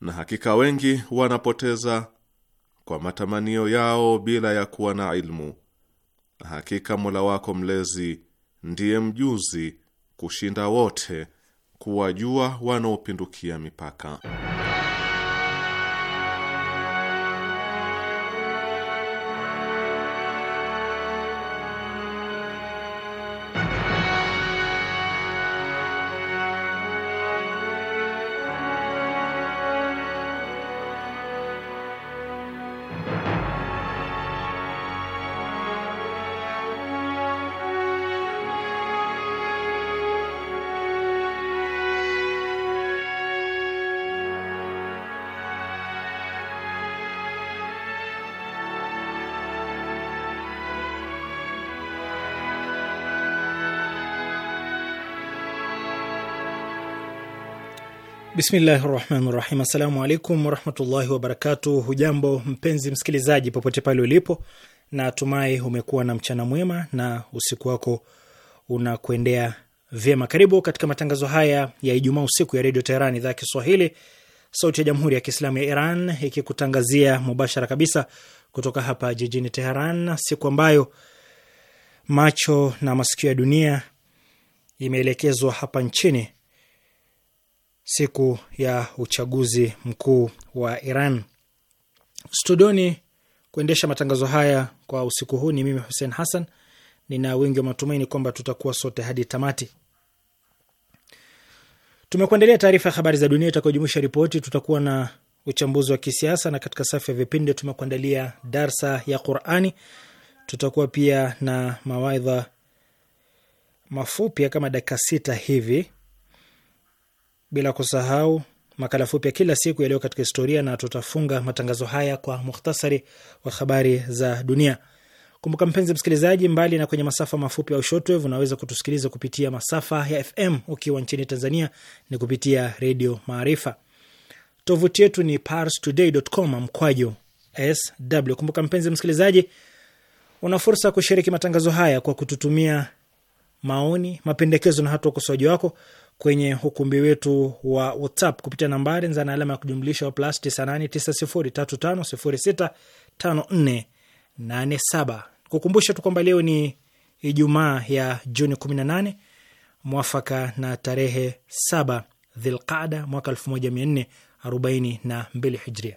na hakika wengi wanapoteza kwa matamanio yao bila ya kuwa na ilmu. Na hakika Mola wako mlezi ndiye mjuzi kushinda wote kuwajua wanaopindukia mipaka. Bismillahi rahmani rahim. Assalamu alaikum warahmatullahi wabarakatu. Hujambo mpenzi msikilizaji, popote pale ulipo, na tumai umekuwa na mchana mwema na usiku wako unakuendea vyema. Karibu katika matangazo haya ya Ijumaa usiku ya Redio Teheran, idhaa ya Kiswahili, sauti ya Jamhuri ya Kiislamu ya Iran, ikikutangazia mubashara kabisa kutoka hapa jijini Teheran, siku ambayo macho na masikio ya dunia imeelekezwa hapa nchini siku ya uchaguzi mkuu wa Iran. Studioni kuendesha matangazo haya kwa usiku huu ni mimi Hussein Hassan. Nina wingi wa matumaini kwamba tutakuwa sote hadi tamati. Tumekuandalia taarifa ya habari za dunia itakayojumuisha ripoti, tutakuwa na uchambuzi wa kisiasa, na katika safu ya vipindi tumekuandalia darsa ya Qurani, tutakuwa pia na mawaidha mafupi kama dakika sita hivi bila kusahau makala fupi ya kila siku yaliyo katika historia, na tutafunga matangazo haya kwa muhtasari wa habari za dunia. Kumbuka mpenzi msikilizaji, mbali na kwenye masafa mafupi au shortwave, unaweza kutusikiliza kupitia masafa ya FM. Ukiwa nchini Tanzania ni kupitia Redio Maarifa. Tovuti yetu ni parstoday.com mkwaju sw. Kumbuka mpenzi msikilizaji, una fursa ya kushiriki matangazo haya kwa kututumia maoni, mapendekezo na hata ukosoaji wako kwenye ukumbi wetu wa WhatsApp kupitia nambari nzana alama ya kujumlisha wa plus 989035065487. Kukumbusha tu kwamba leo ni Ijumaa ya Juni 18 mwafaka na tarehe 7 Dhilqada mwaka 1442 Hijria.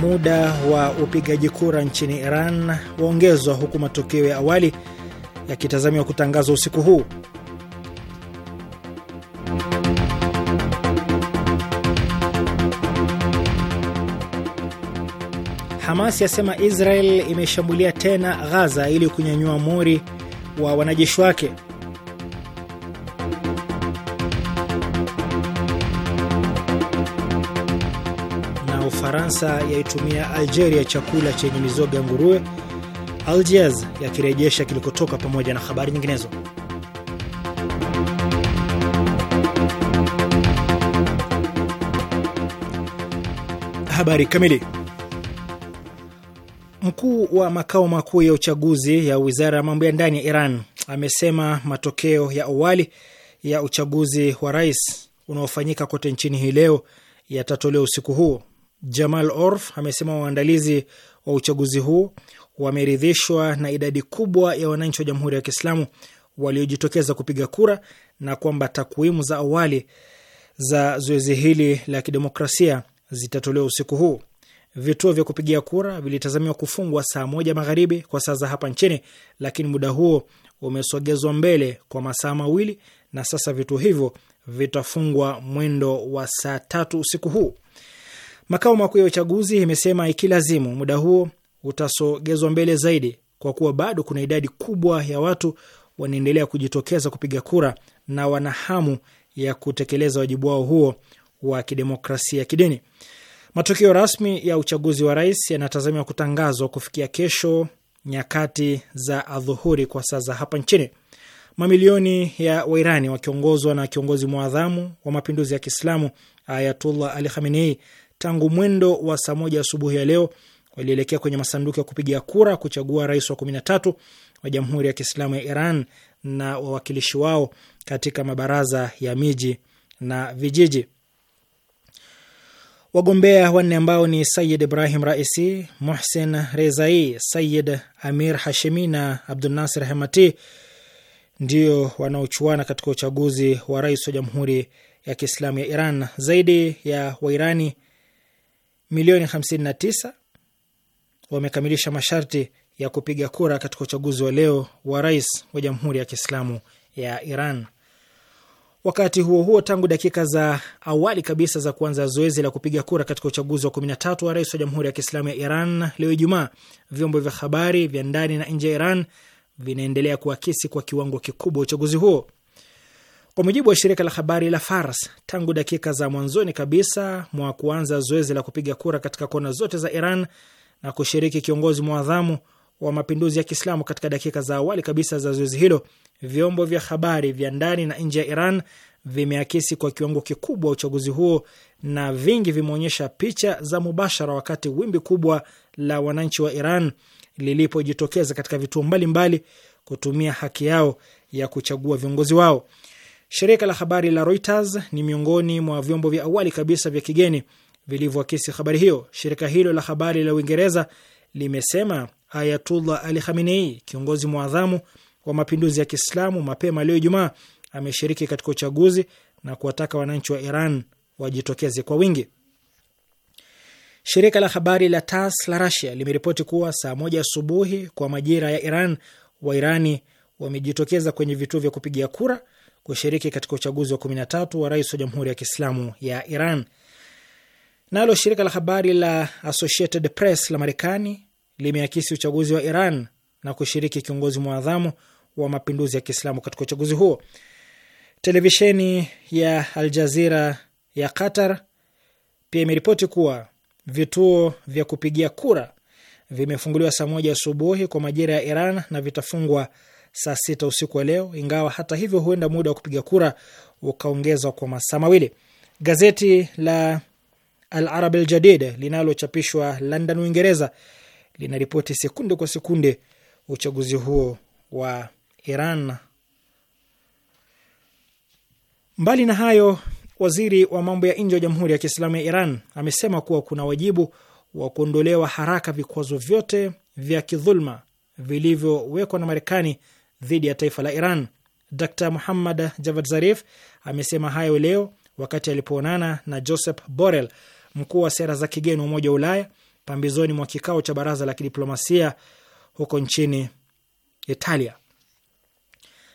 muda wa upigaji kura nchini Iran waongezwa huku matokeo ya awali yakitazamiwa kutangazwa usiku huu. Hamas yasema Israel imeshambulia tena Ghaza ili kunyanyua mori wa wanajeshi wake. Ufaransa yaitumia Algeria chakula chenye mizoga ya nguruwe, Algiers yakirejesha kilikotoka, pamoja na habari nyinginezo. Habari kamili. Mkuu wa makao makuu ya uchaguzi ya wizara ya mambo ya ndani ya Iran amesema matokeo ya awali ya uchaguzi wa rais unaofanyika kote nchini hii leo yatatolewa usiku huo. Jamal Orf amesema waandalizi wa uchaguzi huu wameridhishwa na idadi kubwa ya wananchi wa Jamhuri ya Kiislamu waliojitokeza kupiga kura na kwamba takwimu za awali za zoezi hili la kidemokrasia zitatolewa usiku huu. Vituo vya kupigia kura vilitazamiwa kufungwa saa moja magharibi kwa saa za hapa nchini, lakini muda huo umesogezwa mbele kwa masaa mawili na sasa vituo hivyo vitafungwa mwendo wa saa tatu usiku huu. Makao makuu ya uchaguzi imesema ikilazimu, muda huo utasogezwa mbele zaidi kwa kuwa bado kuna idadi kubwa ya watu wanaendelea kujitokeza kupiga kura na wana hamu ya kutekeleza wajibu wao huo wa kidemokrasia kidini. Matokeo rasmi ya uchaguzi wa rais yanatazamiwa kutangazwa kufikia kesho nyakati za adhuhuri kwa saa za hapa nchini. Mamilioni ya Wairani wakiongozwa na kiongozi mwadhamu wa mapinduzi ya Kiislamu Ayatullah Ali Khamenei tangu mwendo wa saa moja asubuhi ya leo walielekea kwenye masanduku ya kupigia kura kuchagua rais wa tatu wa Jamhuri ya Kiislamu ya Iran na wawakilishi wao katika mabaraza ya miji na vijiji. Wagombea wanne ambao ni Sayid Ibrahim Raisi, Muhsin Rezai, Sayid Amir Hashimi na Abdunasir Hemati ndio wanaochuana katika uchaguzi wa rais wa Jamhuri ya Kiislamu ya Iran. Zaidi ya Wairani milioni 59 wamekamilisha masharti ya kupiga kura katika uchaguzi wa leo wa rais wa Jamhuri ya Kiislamu ya Iran. Wakati huo huo, tangu dakika za awali kabisa za kuanza zoezi la kupiga kura katika uchaguzi wa 13 wa rais wa Jamhuri ya Kiislamu ya Iran leo Ijumaa, vyombo vya habari vya ndani na nje ya Iran vinaendelea kuakisi kwa kiwango kikubwa uchaguzi huo. Kwa mujibu wa shirika la habari la Fars, tangu dakika za mwanzoni kabisa mwa kuanza zoezi la kupiga kura katika kona zote za Iran na kushiriki kiongozi mwadhamu wa mapinduzi ya Kiislamu katika dakika za awali kabisa za zoezi hilo, vyombo vya habari vya ndani na nje ya Iran vimeakisi kwa kiwango kikubwa uchaguzi huo na vingi vimeonyesha picha za mubashara wakati wimbi kubwa la wananchi wa Iran lilipojitokeza katika vituo mbalimbali mbali kutumia haki yao ya kuchagua viongozi wao. Shirika la habari la Reuters ni miongoni mwa vyombo vya awali kabisa vya kigeni vilivyoakisi habari hiyo. Shirika hilo la habari la Uingereza limesema Ayatullah Ali Khamenei, kiongozi mwadhamu wa mapinduzi ya Kiislamu, mapema leo Ijumaa ameshiriki katika uchaguzi na kuwataka wananchi wa Iran wajitokeze kwa wingi. Shirika la habari la tas la Rasia limeripoti kuwa saa moja asubuhi kwa majira ya Iran, Wairani wamejitokeza kwenye vituo vya kupigia kura kushiriki katika uchaguzi wa 13 wa rais wa Jamhuri ya Kiislamu ya Iran. Nalo shirika la habari la Associated Press la Marekani limeakisi uchaguzi wa Iran na kushiriki kiongozi mwadhamu wa mapinduzi ya Kiislamu katika uchaguzi huo. Televisheni ya Al ya Qatar pia imeripoti kuwa vituo vya kupigia kura vimefunguliwa saa moja asubuhi kwa majira ya Iran na vitafungwa saa sita usiku wa leo, ingawa hata hivyo huenda muda wa kupiga kura ukaongezwa kwa masaa mawili. Gazeti la Al Arab Al Jadid linalochapishwa London, Uingereza linaripoti sekunde kwa sekunde uchaguzi huo wa Iran. Mbali na hayo, waziri wa mambo ya nje wa Jamhuri ya Kiislamu ya Iran amesema kuwa kuna wajibu wa kuondolewa haraka vikwazo vyote vya kidhulma vilivyowekwa na Marekani dhidi ya taifa la Iran. Dr Muhammad Javad Zarif amesema hayo leo wakati alipoonana na Joseph Borrell, mkuu wa sera za kigeni wa Umoja wa Ulaya, pambizoni mwa kikao cha baraza la kidiplomasia huko nchini Italia.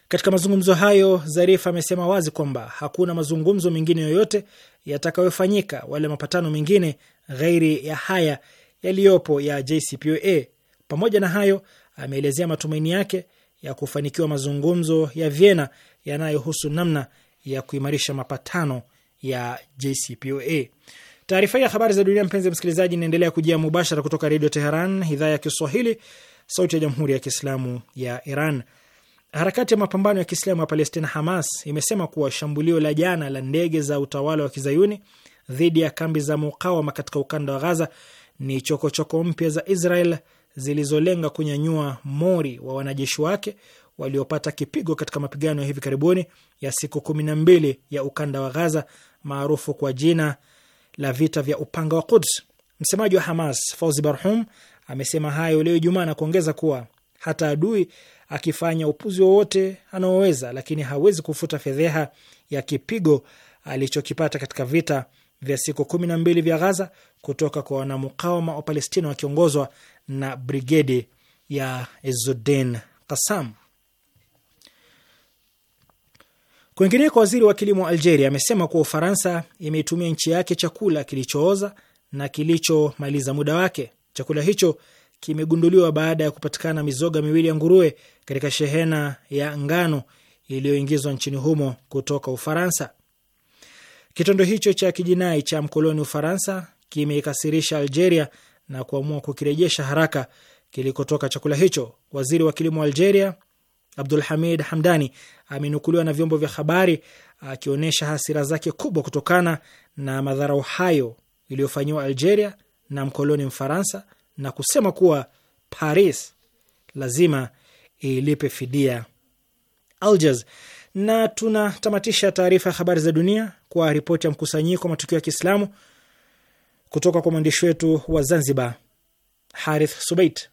Katika mazungumzo hayo, Zarif amesema wazi kwamba hakuna mazungumzo mengine yoyote yatakayofanyika wala mapatano mengine ghairi ya haya yaliyopo ya JCPOA. Pamoja na hayo, ameelezea matumaini yake ya kufanikiwa mazungumzo ya Vienna yanayohusu namna ya kuimarisha mapatano ya JCPOA. Taarifa hii ya habari za dunia, mpenzi msikilizaji, inaendelea kujia mubashara kutoka Redio Teheran, idhaa ya Kiswahili, sauti ya jamhuri ya kiislamu ya Iran. Harakati ya mapambano ya kiislamu ya Palestina, Hamas, imesema kuwa shambulio la jana la ndege za utawala wa kizayuni dhidi ya kambi za mukawama katika ukanda wa Ghaza ni chokochoko mpya za Israel zilizolenga kunyanyua mori wa wanajeshi wake waliopata kipigo katika mapigano ya hivi karibuni ya siku kumi na mbili ya ukanda wa Gaza maarufu kwa jina la vita vya upanga wa Quds. Msemaji wa Hamas Fauzi Barhum amesema hayo leo Ijumaa na kuongeza kuwa hata adui akifanya upuzi wowote anaoweza, lakini hawezi kufuta fedheha ya kipigo alichokipata katika vita vya siku kumi na mbili vya Ghaza kutoka kwa wanamukawama wa Palestina wakiongozwa na brigedi ya Ezudin Kasam. Kwingineko, waziri wa kilimo wa Algeria amesema kuwa Ufaransa imeitumia nchi yake chakula kilichooza na kilichomaliza muda wake. Chakula hicho kimegunduliwa baada ya kupatikana mizoga miwili ya nguruwe katika shehena ya ngano iliyoingizwa nchini humo kutoka Ufaransa. Kitendo hicho cha kijinai cha mkoloni Ufaransa kimeikasirisha Algeria na kuamua kukirejesha haraka kilikotoka chakula hicho. Waziri wa kilimo wa Algeria Abdul Hamid Hamdani amenukuliwa na vyombo vya habari akionyesha hasira zake kubwa kutokana na madharau hayo iliyofanyiwa Algeria na mkoloni Mfaransa na kusema kuwa Paris lazima ilipe fidia Algiers. Na tunatamatisha taarifa ya habari za dunia kwa ripoti ya mkusanyiko wa matukio ya Kiislamu kutoka kwa mwandishi wetu wa Zanzibar, Harith Subait.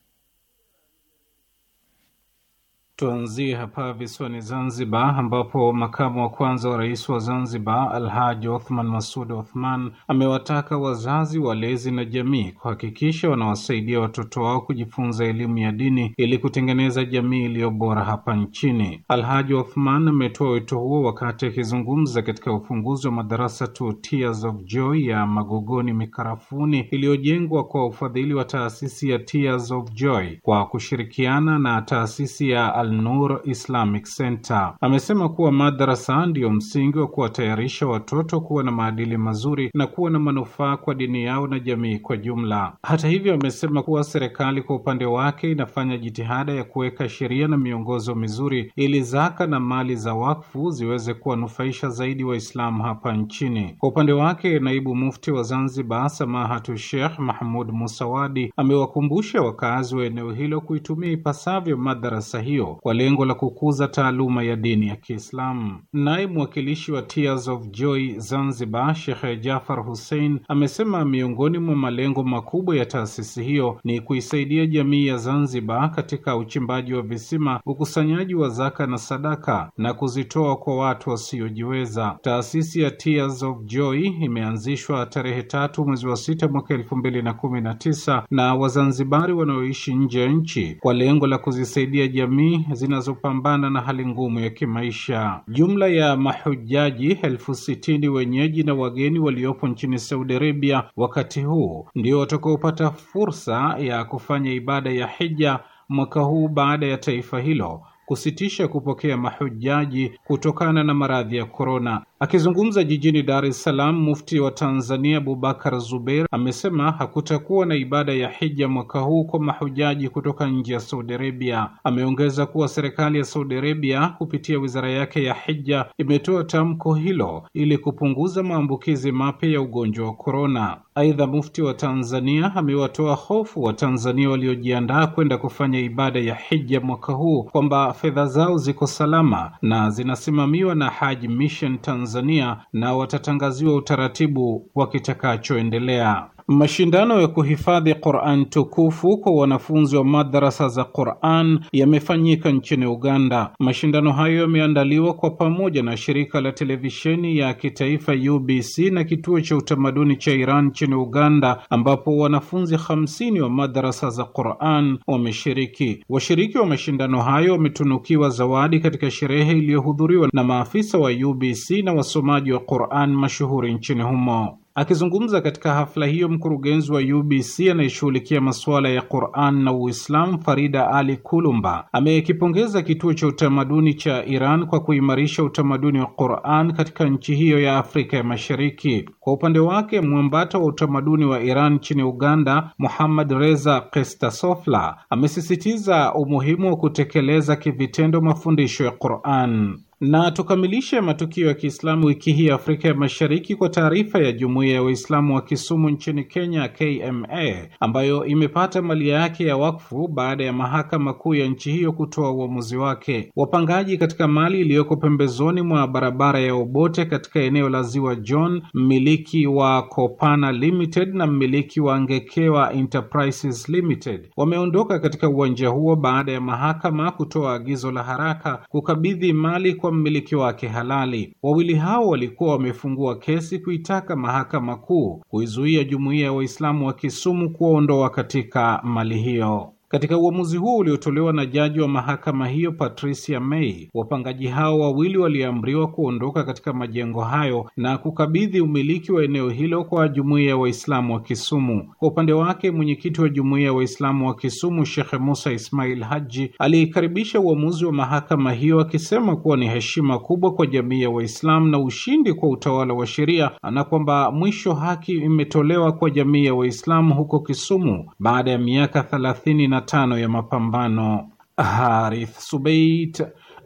Tuanzie hapa visiwani Zanzibar, ambapo makamu wa kwanza wa rais wa Zanzibar Alhaji Othman Masud Othman amewataka wazazi, walezi na jamii kuhakikisha wanawasaidia watoto wao kujifunza elimu ya dini ili kutengeneza jamii iliyo bora hapa nchini. Alhaji Othman ametoa wito huo wakati akizungumza katika ufunguzi wa madarasa tu Tears of Joy ya Magogoni Mikarafuni iliyojengwa kwa ufadhili wa taasisi ya Tears of Joy kwa kushirikiana na taasisi ya Al Al-Nur Islamic Center. Amesema kuwa madrasa ndiyo msingi wa kuwatayarisha watoto kuwa na maadili mazuri na kuwa na manufaa kwa dini yao na jamii kwa jumla. Hata hivyo, amesema kuwa serikali kwa upande wake inafanya jitihada ya kuweka sheria na miongozo mizuri ili zaka na mali za wakfu ziweze kuwanufaisha zaidi Waislamu hapa nchini. Kwa upande wake, naibu mufti wa Zanzibar Samahatu Sheikh Mahmud Musawadi amewakumbusha wakazi wa eneo hilo kuitumia ipasavyo madarasa hiyo kwa lengo la kukuza taaluma ya dini ya Kiislamu. Naye mwakilishi wa Tears of Joy Zanzibar, Shekhe Jafar Hussein amesema miongoni mwa malengo makubwa ya taasisi hiyo ni kuisaidia jamii ya Zanzibar katika uchimbaji wa visima, ukusanyaji wa zaka na sadaka na kuzitoa kwa watu wasiojiweza. Taasisi ya Tears of Joy imeanzishwa tarehe tatu mwezi wa sita mwaka elfu mbili na kumi na tisa na Wazanzibari wanaoishi nje ya nchi kwa lengo la kuzisaidia jamii zinazopambana na hali ngumu ya kimaisha. Jumla ya mahujaji elfu sitini wenyeji na wageni waliopo nchini Saudi Arabia wakati huu ndio watakaopata fursa ya kufanya ibada ya hija mwaka huu baada ya taifa hilo kusitisha kupokea mahujaji kutokana na maradhi ya korona. Akizungumza jijini Dar es Salaam, mufti wa Tanzania Abubakar Zubeir amesema hakutakuwa na ibada ya hija mwaka huu kwa mahujaji kutoka nje ya Saudi Arabia. Ameongeza kuwa serikali ya Saudi Arabia kupitia wizara yake ya hija imetoa tamko hilo ili kupunguza maambukizi mapya ya ugonjwa wa korona. Aidha, mufti wa Tanzania amewatoa hofu wa tanzania waliojiandaa kwenda kufanya ibada ya hija mwaka huu kwamba fedha zao ziko salama na zinasimamiwa na Hajj Mission Tanzania na watatangaziwa utaratibu wa kitakachoendelea. Mashindano ya kuhifadhi Qur'an tukufu kwa wanafunzi wa madrasa za Qur'an yamefanyika nchini Uganda. Mashindano hayo yameandaliwa kwa pamoja na shirika la televisheni ya kitaifa UBC na kituo cha utamaduni cha Iran nchini Uganda, ambapo wanafunzi hamsini wa madrasa za Qur'an wameshiriki. Washiriki wa mashindano hayo wametunukiwa zawadi katika sherehe iliyohudhuriwa na maafisa wa UBC na wasomaji wa Qur'an mashuhuri nchini humo. Akizungumza katika hafla hiyo, mkurugenzi wa UBC anayeshughulikia masuala ya Quran na Uislamu, Farida Ali Kulumba, amekipongeza kituo cha utamaduni cha Iran kwa kuimarisha utamaduni wa Quran katika nchi hiyo ya Afrika ya Mashariki. Kwa upande wake, mwambata wa utamaduni wa Iran nchini Uganda, Muhammad Reza Kestasofla, amesisitiza umuhimu wa kutekeleza kivitendo mafundisho ya Quran. Na tukamilishe matukio ya Kiislamu wiki hii Afrika ya Mashariki kwa taarifa ya Jumuiya ya Waislamu wa Kisumu nchini Kenya KMA ambayo imepata mali yake ya wakfu baada ya mahakama kuu ya nchi hiyo kutoa uamuzi wake. Wapangaji katika mali iliyoko pembezoni mwa barabara ya Obote katika eneo la Ziwa John, mmiliki wa Kopana Limited na mmiliki wa Ngekewa Enterprises Limited wameondoka katika uwanja huo baada ya mahakama kutoa agizo la haraka kukabidhi mali kwa mmiliki wake halali. Wawili hao walikuwa wamefungua kesi kuitaka mahakama kuu kuizuia jumuiya ya Waislamu wa Kisumu kuwaondoa katika mali hiyo. Katika uamuzi huo uliotolewa na jaji wa mahakama hiyo Patricia May, wapangaji hao wawili waliamriwa kuondoka katika majengo hayo na kukabidhi umiliki wa eneo hilo kwa jumuiya ya Waislamu wa Kisumu. Kwa upande wake, mwenyekiti wa jumuiya ya Waislamu wa Kisumu Shekhe Musa Ismail Haji aliikaribisha uamuzi wa mahakama hiyo akisema kuwa ni heshima kubwa kwa jamii ya Waislamu na ushindi kwa utawala wa sheria na kwamba mwisho haki imetolewa kwa jamii ya Waislamu huko Kisumu baada ya miaka thelathini na tano ya mapambano. Harith Subait,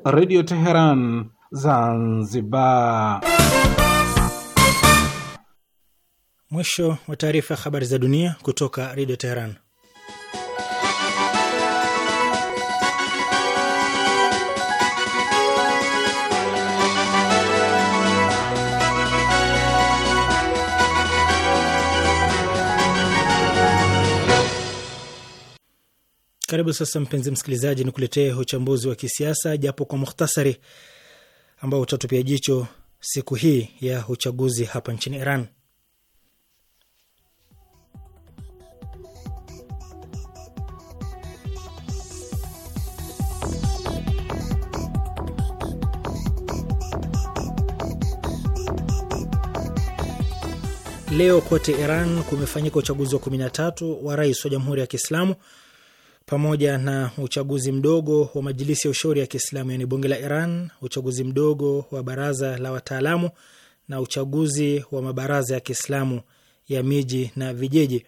Radio Teheran, Zanzibar. Mwisho wa taarifa ya habari za dunia kutoka Redio Teheran. Karibu sasa, mpenzi msikilizaji, ni kuletee uchambuzi wa kisiasa japo kwa muhtasari, ambao utatupia jicho siku hii ya uchaguzi hapa nchini Iran. Leo kote Iran kumefanyika uchaguzi wa 13 wa rais wa Jamhuri ya Kiislamu pamoja na uchaguzi mdogo wa majilisi ya ushauri ya Kiislamu, yaani bunge la Iran, uchaguzi mdogo wa baraza la wataalamu na uchaguzi wa mabaraza ya Kiislamu ya miji na vijiji.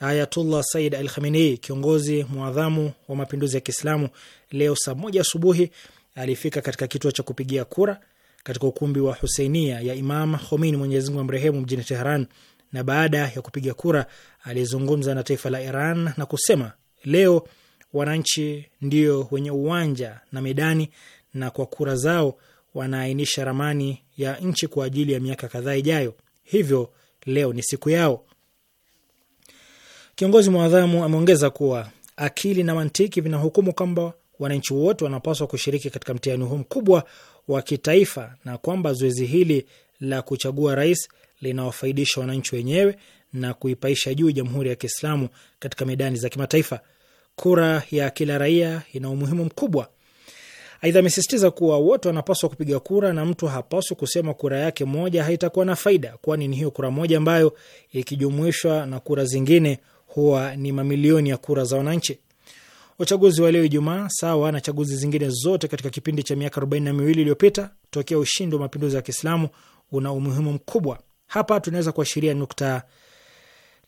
Ayatullah Said Al Khamenei, kiongozi mwadhamu wa mapinduzi ya Kiislamu, leo saa moja asubuhi alifika katika kituo cha kupigia kura katika ukumbi wa Huseinia ya Imam Khomeini, Mwenyezi Mungu amrehemu, mjini Teheran, na baada ya kupiga kura alizungumza na taifa la Iran na kusema Leo wananchi ndio wenye uwanja na medani, na kwa kura zao wanaainisha ramani ya nchi kwa ajili ya miaka kadhaa ijayo. Hivyo leo ni siku yao. Kiongozi mwadhamu ameongeza kuwa akili na mantiki vinahukumu kwamba wananchi wote wanapaswa kushiriki katika mtihani huu mkubwa wa kitaifa na kwamba zoezi hili la kuchagua rais linawafaidisha wananchi wenyewe na kuipaisha juu Jamhuri ya Kiislamu katika medani za kimataifa kura ya kila raia ina umuhimu mkubwa. Aidha, amesisitiza kuwa wote wanapaswa kupiga kura na mtu hapaswi kusema kura yake moja haitakuwa na faida, kwani ni hiyo kura moja ambayo ikijumuishwa na kura zingine huwa ni mamilioni ya kura za wananchi. Uchaguzi wa leo Ijumaa, sawa na chaguzi zingine zote katika kipindi cha miaka arobaini na miwili iliyopita tokea ushindi wa mapinduzi ya Kiislamu, una umuhimu mkubwa. Hapa tunaweza kuashiria nukta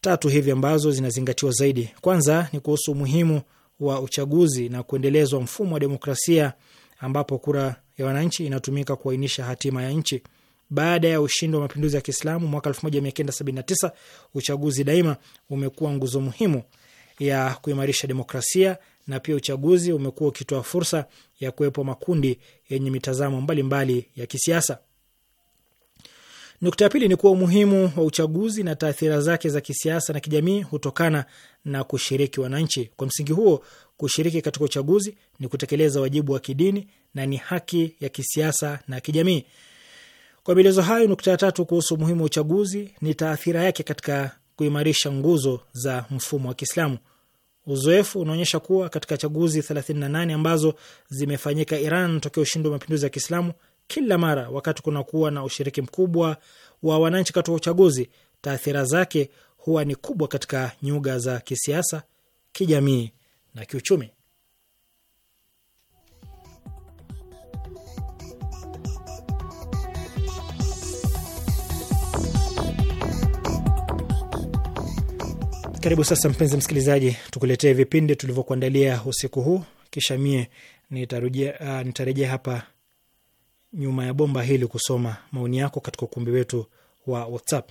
tatu hivi ambazo zinazingatiwa zaidi. Kwanza ni kuhusu umuhimu wa uchaguzi na kuendelezwa mfumo wa demokrasia ambapo kura ya wananchi inatumika kuainisha hatima ya nchi. Baada ya ushindi wa mapinduzi ya Kiislamu mwaka 1979, uchaguzi daima umekuwa nguzo muhimu ya kuimarisha demokrasia na pia uchaguzi umekuwa ukitoa fursa ya kuwepo makundi yenye mitazamo mbalimbali mbali ya kisiasa. Nukta ya pili ni kuwa umuhimu wa uchaguzi na taathira zake za kisiasa na kijamii hutokana na kushiriki wananchi. Kwa msingi huo, kushiriki katika uchaguzi ni kutekeleza wajibu wa kidini na ni haki ya kisiasa na kijamii. Kwa maelezo hayo, nukta ya tatu kuhusu umuhimu wa uchaguzi ni taathira yake katika kuimarisha nguzo za mfumo wa Kiislamu. Uzoefu unaonyesha kuwa katika chaguzi 38 ambazo zimefanyika Iran tokea ushindi wa mapinduzi ya Kiislamu kila mara wakati kunakuwa na ushiriki mkubwa wa wananchi katika uchaguzi, taathira zake huwa ni kubwa katika nyuga za kisiasa, kijamii na kiuchumi. Karibu sasa, mpenzi msikilizaji, tukuletee vipindi tulivyokuandalia usiku huu, kisha mie uh, nitarejea hapa nyuma ya bomba hili kusoma maoni yako katika ukumbi wetu wa WhatsApp.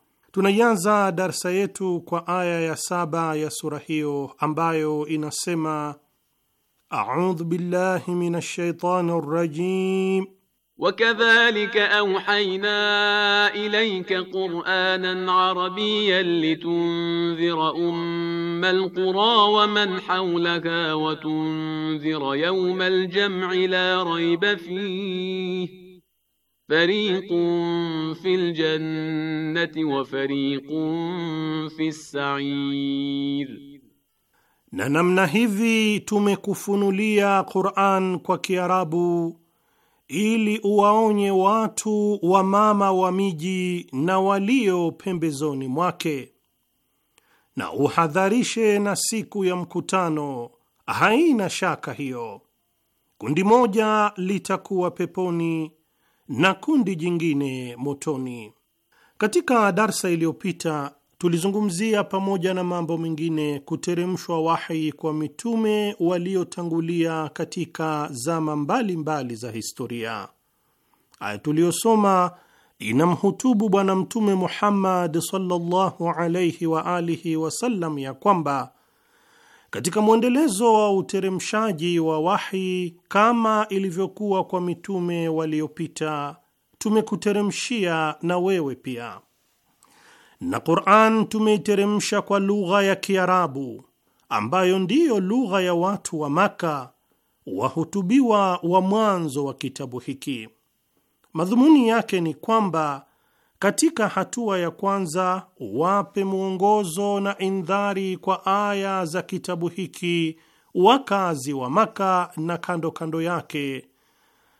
Tunaianza darsa yetu kwa aya ya saba ya sura hiyo ambayo inasema: audhu billahi min ashaitani rajim وكذلك أوحينا إليك قرآنا عربيا لتنذر أم القرى ومن حولها وتنذر يوم الجمع la ريب فيه fariqun fil jannati wa fariqun fis sa'ir, na namna hivi tumekufunulia Qur'an kwa Kiarabu ili uwaonye watu wa mama wa miji na walio pembezoni mwake, na uhadharishe na siku ya mkutano. Haina shaka hiyo, kundi moja litakuwa peponi na kundi jingine motoni. Katika darsa iliyopita tulizungumzia pamoja na mambo mengine kuteremshwa wahi kwa mitume waliotangulia katika zama mbalimbali mbali za historia. Aya tuliyosoma inamhutubu Bwana Mtume Muhammad sallallahu alaihi wa alihi wasallam ya kwamba katika mwendelezo wa uteremshaji wa wahi, kama ilivyokuwa kwa mitume waliopita, tumekuteremshia na wewe pia, na Qur'an tumeiteremsha kwa lugha ya Kiarabu ambayo ndiyo lugha ya watu wa Maka wahutubiwa wa mwanzo wa kitabu hiki. Madhumuni yake ni kwamba katika hatua ya kwanza, wape mwongozo na indhari kwa aya za kitabu hiki wakazi wa Maka na kando kando yake,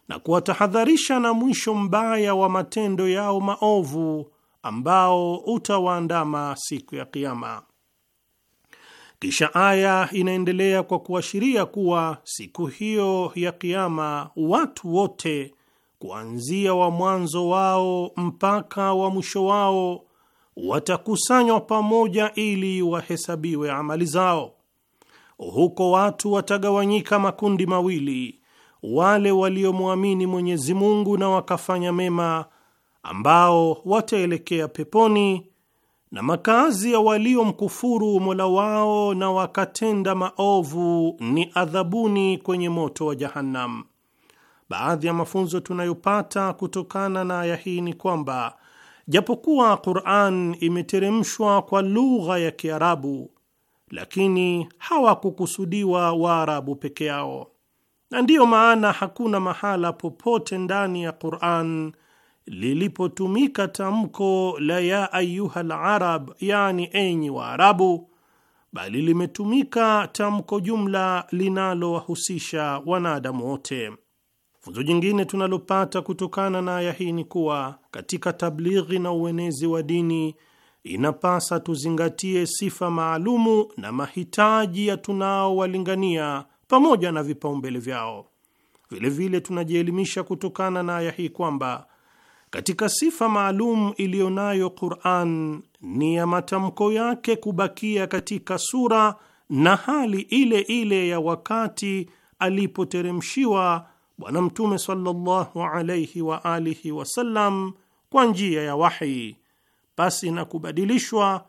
na kuwatahadharisha na mwisho mbaya wa matendo yao maovu ambao utawaandama siku ya Kiama. Kisha aya inaendelea kwa kuashiria kuwa siku hiyo ya Kiama watu wote kuanzia wa mwanzo wao mpaka wa mwisho wao watakusanywa pamoja ili wahesabiwe amali zao. Huko watu watagawanyika makundi mawili, wale waliomwamini Mwenyezi Mungu na wakafanya mema, ambao wataelekea peponi, na makazi ya waliomkufuru Mola wao na wakatenda maovu ni adhabuni kwenye moto wa Jahannam. Baadhi ya mafunzo tunayopata kutokana na aya hii ni kwamba japokuwa Qur'an imeteremshwa kwa lugha ya Kiarabu, lakini hawakukusudiwa Waarabu peke yao, na ndiyo maana hakuna mahala popote ndani ya Qur'an lilipotumika tamko la ya ayyuhal arab, yani enyi Waarabu, bali limetumika tamko jumla linalowahusisha wanadamu wote. Funzo jingine tunalopata kutokana na aya hii ni kuwa katika tablighi na uenezi wa dini inapasa tuzingatie sifa maalumu na mahitaji ya tunaowalingania pamoja na vipaumbele vyao. Vilevile vile tunajielimisha kutokana na aya hii kwamba katika sifa maalum iliyo nayo Qur'an ni ya matamko yake kubakia katika sura na hali ile ile ya wakati alipoteremshiwa Bwana Mtume sallallahu alaihi wa alihi wasallam kwa njia ya wahi, basi na kubadilishwa,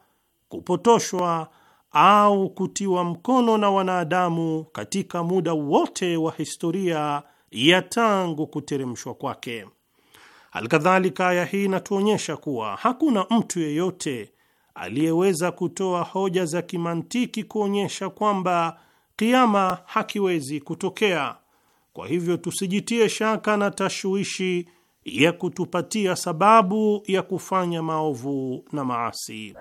kupotoshwa au kutiwa mkono na wanadamu katika muda wote wa historia ya tangu kuteremshwa kwake. Alkadhalika, aya hii inatuonyesha kuwa hakuna mtu yeyote aliyeweza kutoa hoja za kimantiki kuonyesha kwamba kiama hakiwezi kutokea kwa hivyo tusijitie shaka na tashwishi ya kutupatia sababu ya kufanya maovu na maasi.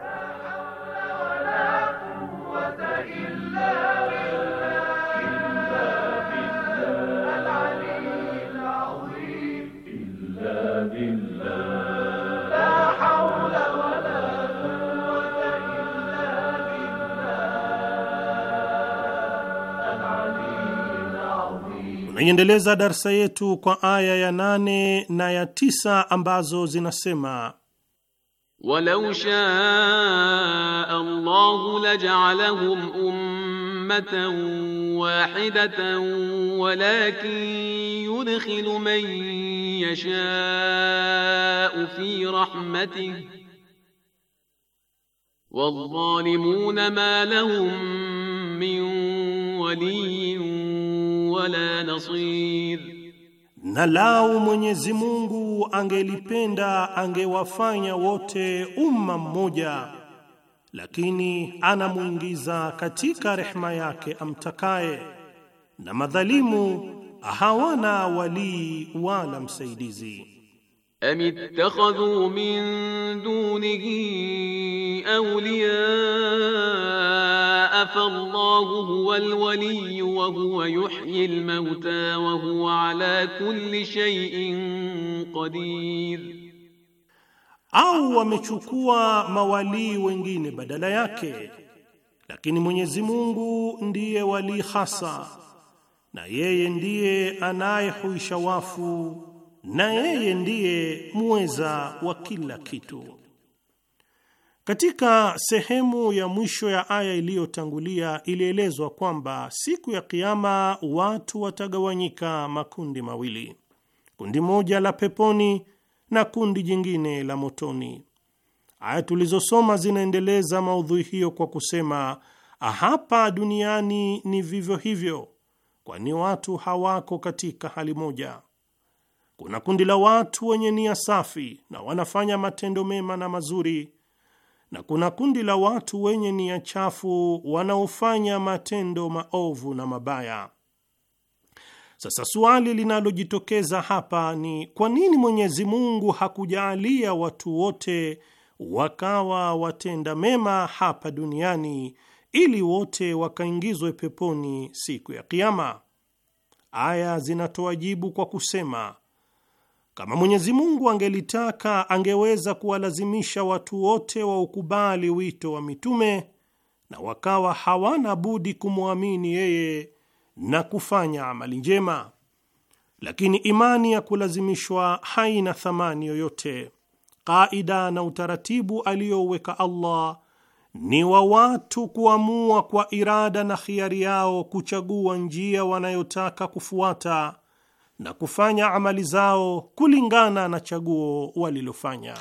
Tumeiendeleza darsa yetu kwa aya ya nane na ya tisa ambazo zinasema walau shaa Allahu laj'alahum ummatan wahidatan walakin yudkhilu man yasha'u fi rahmatihi wadh-dhalimuna ma lahum min waliyyin wala nasir, na lau Mwenyezi Mungu angelipenda angewafanya wote umma mmoja, lakini anamwingiza katika rehema yake amtakaye, na madhalimu hawana walii wala msaidizi. am ittakhadhu min dunihi awliya fallahu huwal waliyyu wa huwa yuhyil mauta wa huwa ala kulli shay'in qadir. Au wamechukua mawalii wengine badala yake, lakini Mwenyezi Mungu ndiye walii hasa, na yeye ndiye anayehuisha wafu, na yeye ndiye muweza wa kila kitu. Katika sehemu ya mwisho ya aya iliyotangulia ilielezwa kwamba siku ya Kiama watu watagawanyika makundi mawili, kundi moja la peponi na kundi jingine la motoni. Aya tulizosoma zinaendeleza maudhui hiyo kwa kusema hapa duniani ni vivyo hivyo, kwani watu hawako katika hali moja. Kuna kundi la watu wenye nia safi na wanafanya matendo mema na mazuri na kuna kundi la watu wenye nia chafu wanaofanya matendo maovu na mabaya. Sasa suali linalojitokeza hapa ni kwa nini Mwenyezi Mungu hakujaalia watu wote wakawa watenda mema hapa duniani ili wote wakaingizwe peponi siku ya Kiama? Aya zinatoa jibu kwa kusema kama Mwenyezi Mungu angelitaka angeweza kuwalazimisha watu wote waukubali wito wa mitume na wakawa hawana budi kumwamini yeye na kufanya amali njema, lakini imani ya kulazimishwa haina thamani yoyote. Kaida na utaratibu aliyoweka Allah ni wa watu kuamua kwa irada na khiari yao kuchagua njia wanayotaka kufuata na kufanya amali zao kulingana na chaguo walilofanya.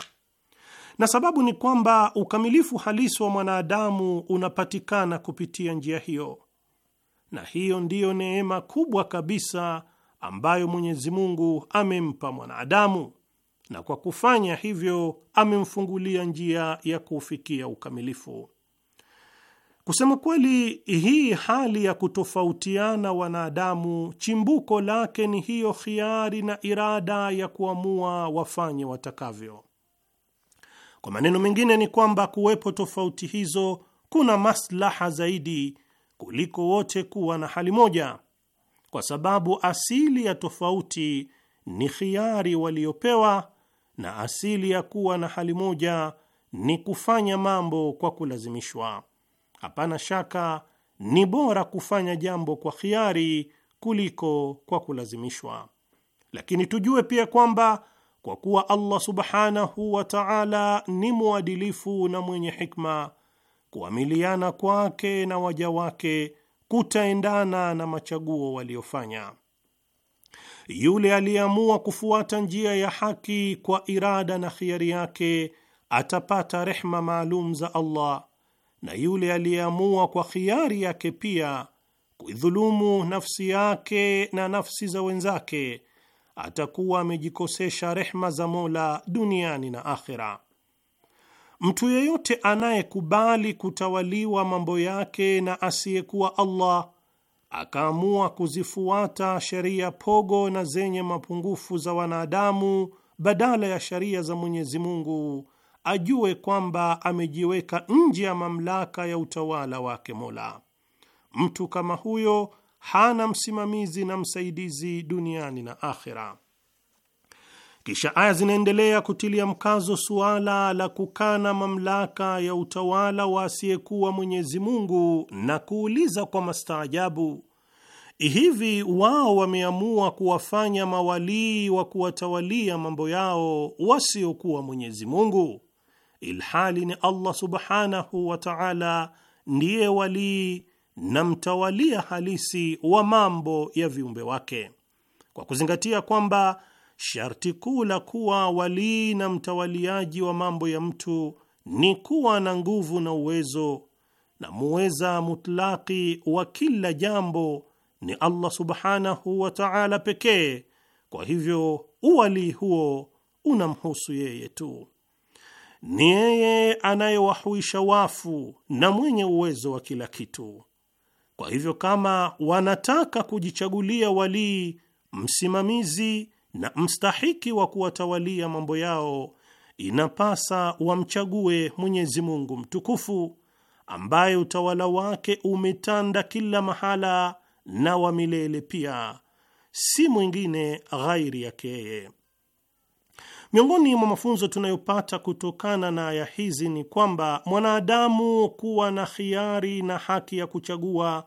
Na sababu ni kwamba ukamilifu halisi wa mwanadamu unapatikana kupitia njia hiyo, na hiyo ndiyo neema kubwa kabisa ambayo Mwenyezi Mungu amempa mwanadamu, na kwa kufanya hivyo amemfungulia njia ya kufikia ukamilifu. Kusema kweli, hii hali ya kutofautiana wanadamu, chimbuko lake ni hiyo khiari na irada ya kuamua wafanye watakavyo. Kwa maneno mengine, ni kwamba kuwepo tofauti hizo kuna maslaha zaidi kuliko wote kuwa na hali moja, kwa sababu asili ya tofauti ni khiari waliopewa, na asili ya kuwa na hali moja ni kufanya mambo kwa kulazimishwa. Hapana shaka ni bora kufanya jambo kwa khiari kuliko kwa kulazimishwa, lakini tujue pia kwamba kwa kuwa Allah subhanahu wa ta'ala ni mwadilifu na mwenye hikma, kuamiliana kwake na waja wake kutaendana na machaguo waliofanya. Yule aliyeamua kufuata njia ya haki kwa irada na khiari yake atapata rehma maalum za Allah na yule aliyeamua kwa khiari yake pia kuidhulumu nafsi yake na nafsi za wenzake atakuwa amejikosesha rehma za Mola duniani na akhera. Mtu yeyote anayekubali kutawaliwa mambo yake na asiyekuwa Allah akaamua kuzifuata sheria pogo na zenye mapungufu za wanadamu badala ya sheria za Mwenyezi Mungu ajue kwamba amejiweka nje ya mamlaka ya utawala wake Mola. Mtu kama huyo hana msimamizi na msaidizi duniani na akhera. Kisha aya zinaendelea kutilia mkazo suala la kukana mamlaka ya utawala wa asiyekuwa Mwenyezi Mungu na kuuliza kwa mastaajabu, hivi wao wameamua kuwafanya mawalii wa kuwatawalia mambo yao wasiokuwa Mwenyezi Mungu? ilhali ni Allah subhanahu wa ta'ala ndiye walii na mtawalia halisi wa mambo ya viumbe wake, kwa kuzingatia kwamba sharti kuu la kuwa walii na mtawaliaji wa mambo ya mtu ni kuwa na nguvu na uwezo na muweza mutlaki wa kila jambo ni Allah subhanahu wa ta'ala pekee. Kwa hivyo uwalii huo unamhusu yeye tu ni yeye anayewahuisha wafu na mwenye uwezo wa kila kitu. Kwa hivyo, kama wanataka kujichagulia walii, msimamizi na mstahiki wa kuwatawalia mambo yao, inapasa wamchague Mwenyezi Mungu mtukufu ambaye utawala wake umetanda kila mahala na wa milele pia, si mwingine ghairi yake yeye. Miongoni mwa mafunzo tunayopata kutokana na aya hizi ni kwamba mwanadamu kuwa na khiari na haki ya kuchagua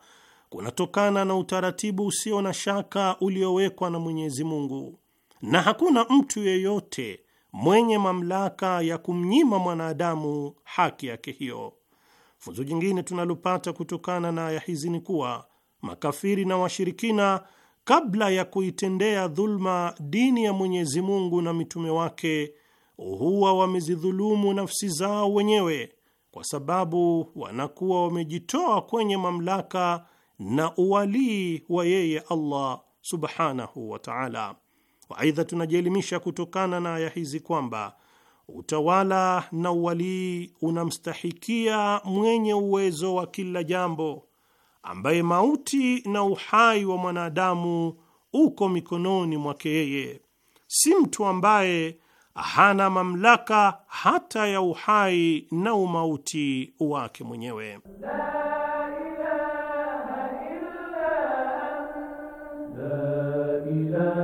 kunatokana na utaratibu usio na shaka uliowekwa na Mwenyezi Mungu, na hakuna mtu yeyote mwenye mamlaka ya kumnyima mwanadamu haki yake hiyo. Funzo jingine tunalopata kutokana na aya hizi ni kuwa makafiri na washirikina kabla ya kuitendea dhulma dini ya Mwenyezi Mungu na mitume wake, huwa wamezidhulumu nafsi zao wenyewe, kwa sababu wanakuwa wamejitoa kwenye mamlaka na uwalii wa yeye Allah subhanahu wa ta'ala. Waaidha, tunajielimisha kutokana na aya hizi kwamba utawala na uwalii unamstahikia mwenye uwezo wa kila jambo ambaye mauti na uhai wa mwanadamu uko mikononi mwake yeye, si mtu ambaye hana mamlaka hata ya uhai na umauti wake mwenyewe. La ilaha illa, la ilaha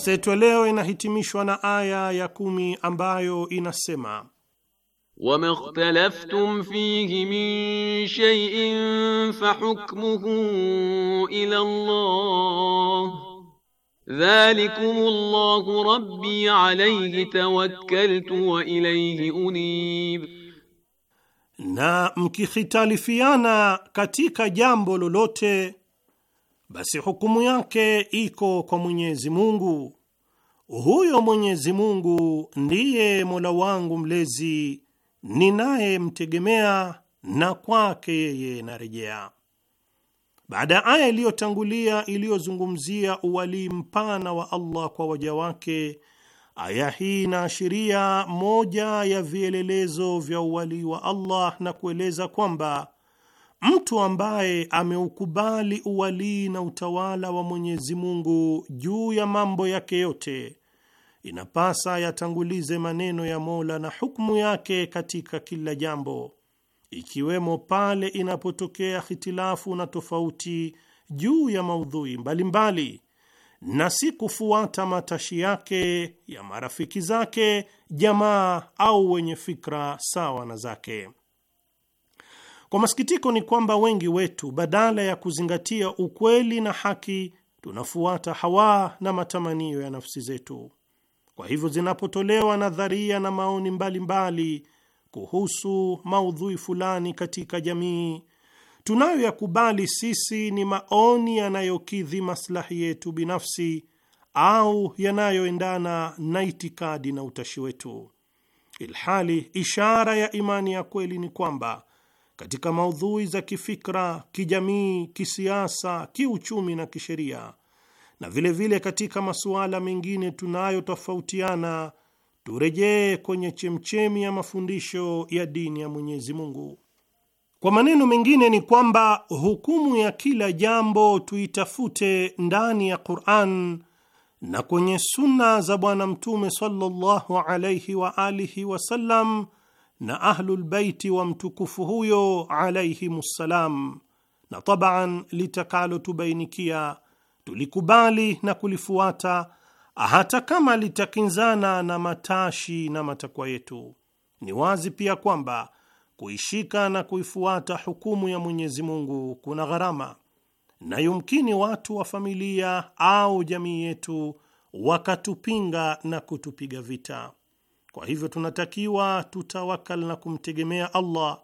Darsa yetu ya leo inahitimishwa na aya ya kumi ambayo inasema wama ikhtalaftum fihi min shay'in fahukmuhu ila Allah dhalikum Allah rabbi alayhi tawakkaltu wa ilayhi unib, na mkikhitalifiana katika jambo lolote basi hukumu yake iko kwa Mwenyezi Mungu. Huyo Mwenyezi Mungu ndiye Mola wangu mlezi ninayemtegemea na kwake yeye narejea. Baada ya aya iliyotangulia iliyozungumzia uwalii mpana wa Allah kwa waja wake, aya hii inaashiria moja ya vielelezo vya uwalii wa Allah na kueleza kwamba Mtu ambaye ameukubali uwalii na utawala wa Mwenyezi Mungu juu ya mambo yake yote, inapasa yatangulize maneno ya Mola na hukumu yake katika kila jambo, ikiwemo pale inapotokea hitilafu na tofauti juu ya maudhui mbalimbali mbali, na si kufuata matashi yake ya marafiki zake, jamaa au wenye fikra sawa na zake. Kwa masikitiko ni kwamba wengi wetu badala ya kuzingatia ukweli na haki, tunafuata hawa na matamanio ya nafsi zetu. Kwa hivyo, zinapotolewa nadharia na maoni mbalimbali mbali kuhusu maudhui fulani katika jamii, tunayoyakubali sisi ni maoni yanayokidhi maslahi yetu binafsi au yanayoendana na itikadi na utashi wetu, ilhali ishara ya imani ya kweli ni kwamba katika maudhui za kifikra, kijamii, kisiasa, kiuchumi na kisheria, na vilevile vile katika masuala mengine tunayotofautiana, turejee kwenye chemchemi ya mafundisho ya dini ya Mwenyezi Mungu. Kwa maneno mengine ni kwamba hukumu ya kila jambo tuitafute ndani ya Qur'an na kwenye sunna za Bwana Mtume sallallahu alayhi wa alihi wasallam na ahlulbaiti wa mtukufu huyo alayhimussalam, na tabaan litakalotubainikia tulikubali na kulifuata hata kama litakinzana na matashi na matakwa yetu. Ni wazi pia kwamba kuishika na kuifuata hukumu ya Mwenyezi Mungu kuna gharama, na yumkini watu wa familia au jamii yetu wakatupinga na kutupiga vita. Kwa hivyo tunatakiwa tutawakal na kumtegemea Allah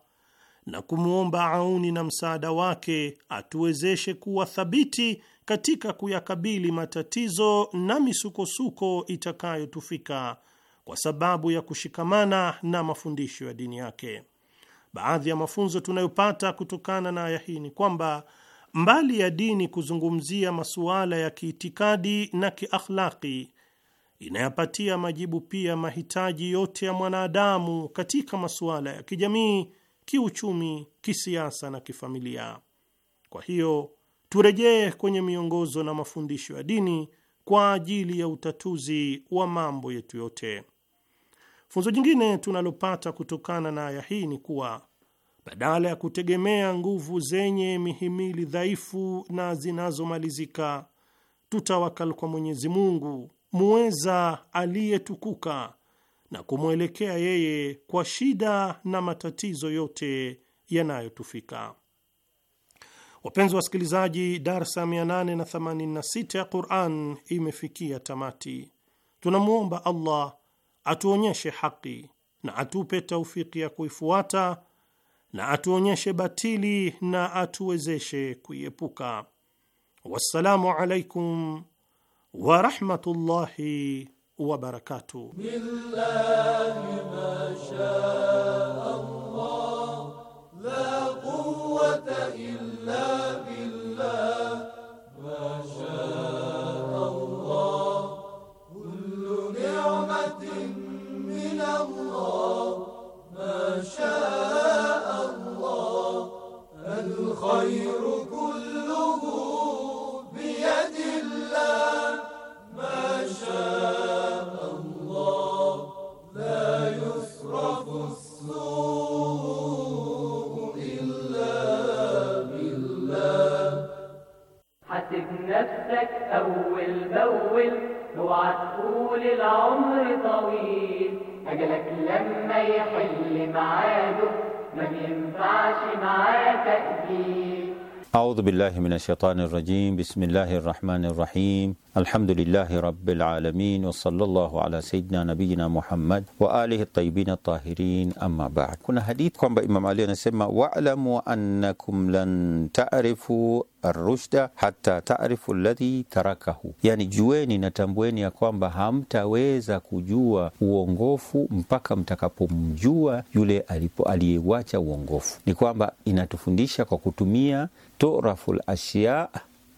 na kumwomba auni na msaada wake atuwezeshe kuwa thabiti katika kuyakabili matatizo na misukosuko itakayotufika kwa sababu ya kushikamana na mafundisho ya dini yake. Baadhi ya mafunzo tunayopata kutokana na aya hii ni kwamba mbali ya dini kuzungumzia masuala ya kiitikadi na kiakhlaki inayapatia majibu pia mahitaji yote ya mwanadamu katika masuala ya kijamii, kiuchumi, kisiasa na kifamilia. Kwa hiyo turejee kwenye miongozo na mafundisho ya dini kwa ajili ya utatuzi wa mambo yetu yote. Funzo jingine tunalopata kutokana na aya hii ni kuwa badala ya kutegemea nguvu zenye mihimili dhaifu na zinazomalizika, tutawakal kwa Mwenyezi Mungu muweza aliyetukuka na kumwelekea yeye kwa shida na matatizo yote yanayotufika. Wapenzi wa wasikilizaji, darsa 886 ya Quran imefikia tamati. Tunamwomba Allah atuonyeshe haki na atupe taufiki ya kuifuata na atuonyeshe batili na atuwezeshe kuiepuka. Wassalamu alaikum ورحمة الله وبركاته بالله ما شاء الله لا قوة إلا بالله ما شاء الله كل نعمة من الله ما شاء الله الخير كله نفسك أول بأول اوعى تقول العمر طويل أجلك لما يحل معاده ما بينفعش معاه تأجيل أعوذ بالله من الشيطان الرجيم بسم الله الرحمن الرحيم الحمد لله رب العالمين وصلى الله على سيدنا نبينا Muhammad wa الطيبين tahirin amma ba'd. Kuna hadithi kwamba Imam Ali anasema wa'lamu annakum lan ta'rifu arrushda hatta ta'rifu alladhi tarakahu, yani jueni na tambueni ya kwamba hamtaweza kujua uongofu mpaka mtakapomjua yule alipo aliyeuacha uongofu. Ni kwamba inatufundisha kwa kutumia تعرف الأشياء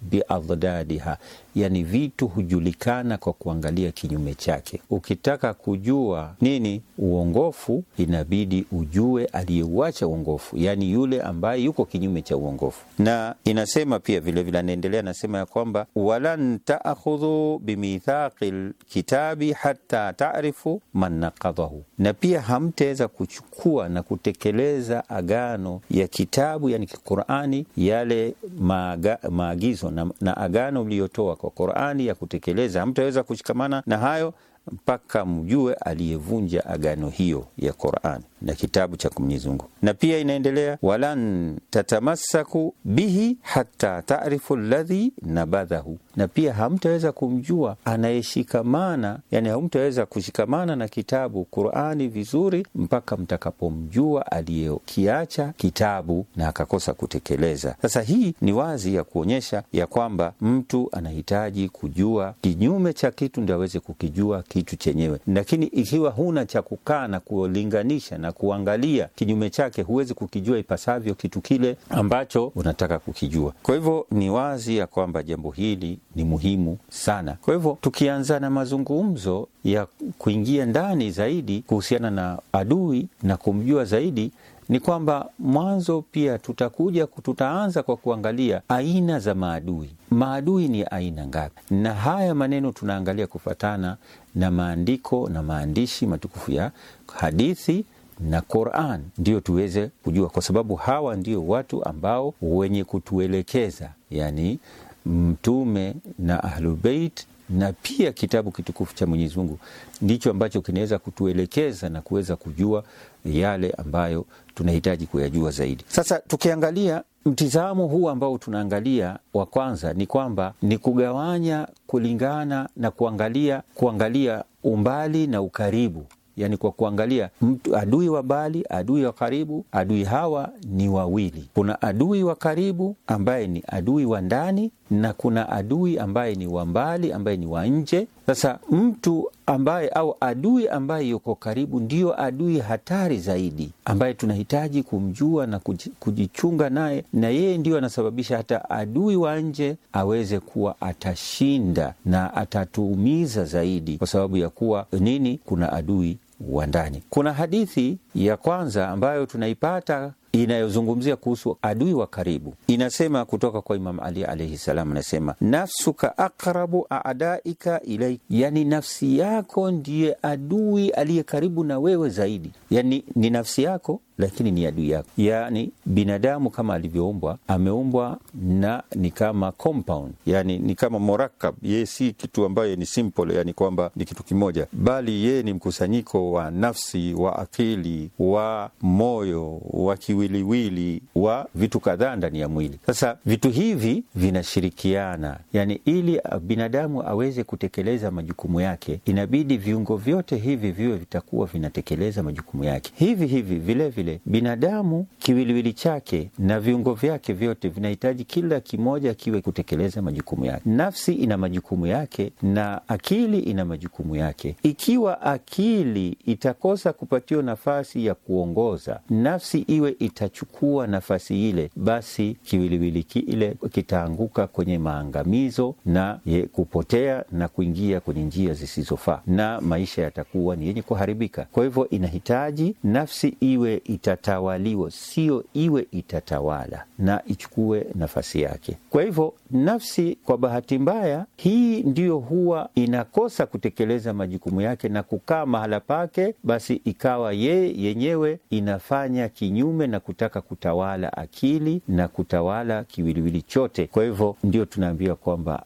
بأضدادها yani vitu hujulikana kwa kuangalia kinyume chake. Ukitaka kujua nini uongofu, inabidi ujue aliyeuacha uongofu, yani yule ambaye yuko kinyume cha uongofu. Na inasema pia vilevile, anaendelea anasema ya kwamba walan takhudhu bimithaqi lkitabi hata tarifu man nakadhahu, na pia hamtaweza kuchukua na kutekeleza agano ya kitabu yani Qurani, yale maaga, maagizo na, na agano mliyotoa kwa Qur'ani ya kutekeleza. Hamtaweza kushikamana na hayo mpaka mjue aliyevunja agano hiyo ya Qur'ani na kitabu cha Mwenyezi Na pia inaendelea, walan tatamassaku bihi hatta tarifu ladhi nabadhahu, na pia hamtaweza kumjua anayeshikamana, yani hamtaweza kushikamana na kitabu Qurani vizuri mpaka mtakapomjua aliyekiacha kitabu na akakosa kutekeleza. Sasa hii ni wazi ya kuonyesha ya kwamba mtu anahitaji kujua kinyume cha kitu ndio aweze kukijua kitu chenyewe, lakini ikiwa huna cha kukaa na kulinganisha na na kuangalia kinyume chake, huwezi kukijua ipasavyo kitu kile ambacho unataka kukijua. Kwa hivyo ni wazi ya kwamba jambo hili ni muhimu sana. Kwa hivyo tukianza na mazungumzo ya kuingia ndani zaidi kuhusiana na adui na kumjua zaidi ni kwamba mwanzo pia tutakuja tutaanza kwa kuangalia aina za maadui. Maadui ni aina ngapi? Na haya maneno tunaangalia kufatana na maandiko na maandishi matukufu ya hadithi na Qur'an ndio tuweze kujua, kwa sababu hawa ndio watu ambao wenye kutuelekeza, yani Mtume na Ahlulbeit na pia kitabu kitukufu cha Mwenyezi Mungu ndicho ambacho kinaweza kutuelekeza na kuweza kujua yale ambayo tunahitaji kuyajua zaidi. Sasa tukiangalia mtizamo huu ambao tunaangalia wa kwanza ni kwamba ni kugawanya kulingana na kuangalia kuangalia umbali na ukaribu yani kwa kuangalia mtu, adui wa mbali, adui wa karibu. Adui hawa ni wawili, kuna adui wa karibu ambaye ni adui wa ndani na kuna adui ambaye ni wa mbali, ambaye ni wa nje. Sasa mtu ambaye au adui ambaye yuko karibu ndiyo adui hatari zaidi, ambaye tunahitaji kumjua na kujichunga naye, na yeye ndiyo anasababisha hata adui wa nje aweze kuwa atashinda na atatuumiza zaidi, kwa sababu ya kuwa nini? Kuna adui wa ndani. Kuna hadithi ya kwanza ambayo tunaipata inayozungumzia kuhusu adui wa karibu, inasema kutoka kwa Imam Ali alaihi salam, anasema nafsuka aqrabu adaika ilaik, yani nafsi yako ndiye adui aliye karibu na wewe zaidi, yani ni nafsi yako lakini ni adui yako. yani binadamu kama alivyoumbwa, ameumbwa na ni kama compound, yani ni kama morakab. Yeye si kitu ambaye ni simple, yani kwamba ni kitu kimoja, bali yeye ni mkusanyiko wa nafsi, wa akili, wa moyo, wa kiwiliwili, wa vitu kadhaa ndani ya mwili. Sasa vitu hivi vinashirikiana, yani ili binadamu aweze kutekeleza majukumu yake, inabidi viungo vyote hivi viwe vitakuwa vinatekeleza majukumu yake hivi hivi vilevile vile vile binadamu kiwiliwili chake na viungo vyake vyote vinahitaji kila kimoja kiwe kutekeleza majukumu yake. Nafsi ina majukumu yake na akili ina majukumu yake. Ikiwa akili itakosa kupatiwa nafasi ya kuongoza, nafsi iwe itachukua nafasi ile, basi kiwiliwili kile kitaanguka kwenye maangamizo na ye kupotea na kuingia kwenye njia zisizofaa, na maisha yatakuwa ni yenye kuharibika. Kwa hivyo inahitaji nafsi iwe itatawaliwa, sio iwe itatawala na ichukue nafasi yake. Kwa hivyo nafsi, kwa bahati mbaya, hii ndiyo huwa inakosa kutekeleza majukumu yake na kukaa mahala pake, basi ikawa yeye yenyewe inafanya kinyume na kutaka kutawala akili na kutawala kiwiliwili chote. Kwa hivyo ndio tunaambiwa kwamba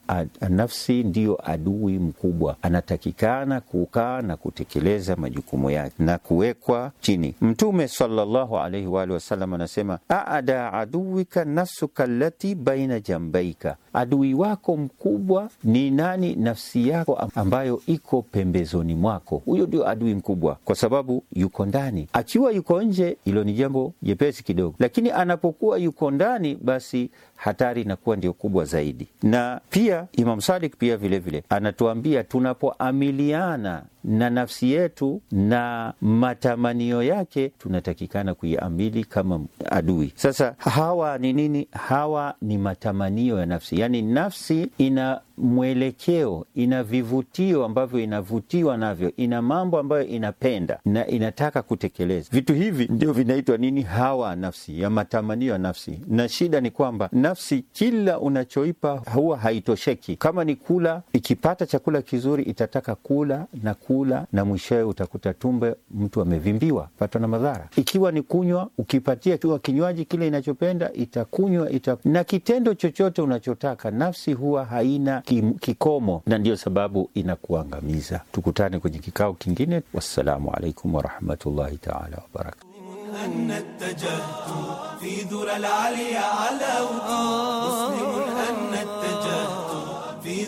nafsi ndiyo adui mkubwa, anatakikana kukaa na kutekeleza majukumu yake na kuwekwa chini. Mtume sala sallallahu alaihi wa sallam anasema aada aduwika nafsuka allati baina jambaika Adui wako mkubwa ni nani? Nafsi yako ambayo iko pembezoni mwako, huyo ndio adui mkubwa, kwa sababu yuko ndani. Akiwa yuko nje, hilo ni jambo jepesi kidogo, lakini anapokuwa yuko ndani, basi hatari inakuwa ndio kubwa zaidi. Na pia Imam Sadik pia vilevile vile anatuambia tunapoamiliana na nafsi yetu na matamanio yake, tunatakikana kuiamili kama adui. Sasa hawa ni nini? Hawa ni matamanio ya nafsi yaani nafsi ina mwelekeo, ina vivutio ambavyo inavutiwa navyo, ina mambo ambayo inapenda na inataka kutekeleza. Vitu hivi ndio vinaitwa nini? Hawa nafsi ya matamanio ya nafsi. Na shida ni kwamba nafsi, kila unachoipa huwa haitosheki. Kama ni kula, ikipata chakula kizuri itataka kula na kula, na mwishowe utakuta tumbe mtu amevimbiwa, patwa na madhara. Ikiwa ni kunywa, ukipatia kiwa kinywaji kile inachopenda itakunywa ita... na kitendo chochote unachotaka, nafsi huwa haina kikomo, na ndiyo sababu inakuangamiza. Tukutane kwenye kikao kingine. Wassalamu alaikum warahmatullahi taala wabarakatu.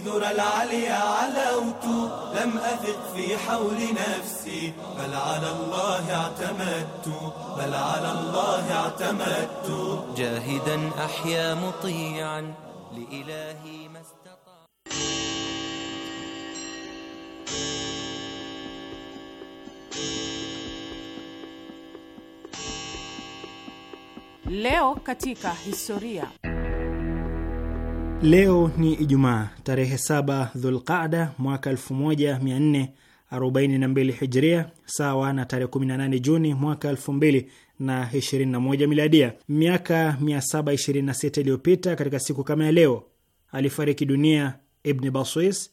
ذر العلي علوت لم أثق في حول نفسي بل على الله اعتمدت بل على الله اعتمدت جاهدا أحيا مطيعا لإلهي ما Leo katika historia. Leo ni Ijumaa tarehe 7 Dhulqada mwaka 1442 Hijria, sawa na tarehe 18 Juni mwaka 2021 Miladia. Miaka 726 iliyopita katika siku kama ya leo alifariki dunia Ibni Baswis,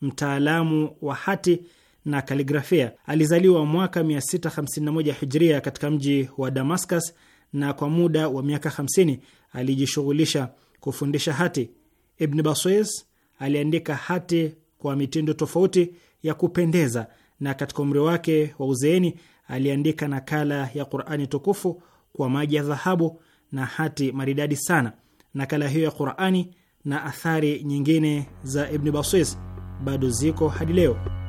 mtaalamu wa hati na kaligrafia. Alizaliwa mwaka 651 Hijria katika mji wa Damascus na kwa muda wa miaka 50 alijishughulisha kufundisha hati. Ibn Baswes aliandika hati kwa mitindo tofauti ya kupendeza, na katika umri wake wa uzeeni aliandika nakala ya Qur'ani tukufu kwa maji ya dhahabu na hati maridadi sana. Nakala hiyo ya Qur'ani na athari nyingine za Ibn Baswes bado ziko hadi leo.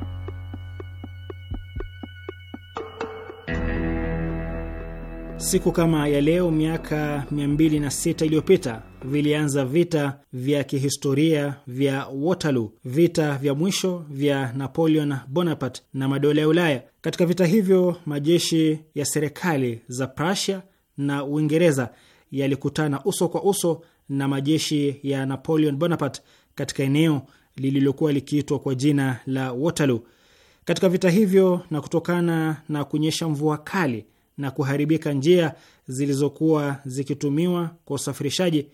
Siku kama ya leo miaka 206 iliyopita vilianza vita vya kihistoria vya Waterloo, vita vya mwisho vya Napoleon Bonaparte na madola ya Ulaya. Katika vita hivyo majeshi ya serikali za Prussia na Uingereza yalikutana uso kwa uso na majeshi ya Napoleon Bonaparte katika eneo lililokuwa likiitwa kwa jina la Waterloo. Katika vita hivyo na kutokana na kunyesha mvua kali na kuharibika njia zilizokuwa zikitumiwa kwa usafirishaji,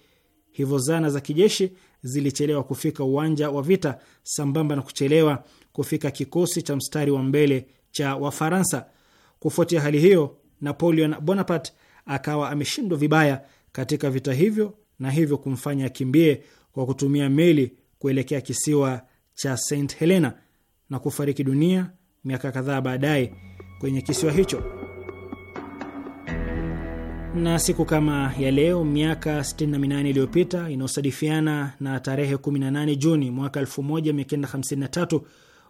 hivyo zana za kijeshi zilichelewa kufika uwanja wa vita, sambamba na kuchelewa kufika kikosi cha mstari wa mbele cha Wafaransa. Kufuatia hali hiyo, Napoleon Bonaparte akawa ameshindwa vibaya katika vita hivyo na hivyo kumfanya akimbie kwa kutumia meli kuelekea kisiwa cha St Helena na kufariki dunia miaka kadhaa baadaye kwenye kisiwa hicho na siku kama ya leo miaka 68 iliyopita inayosadifiana na tarehe 18 Juni mwaka 1953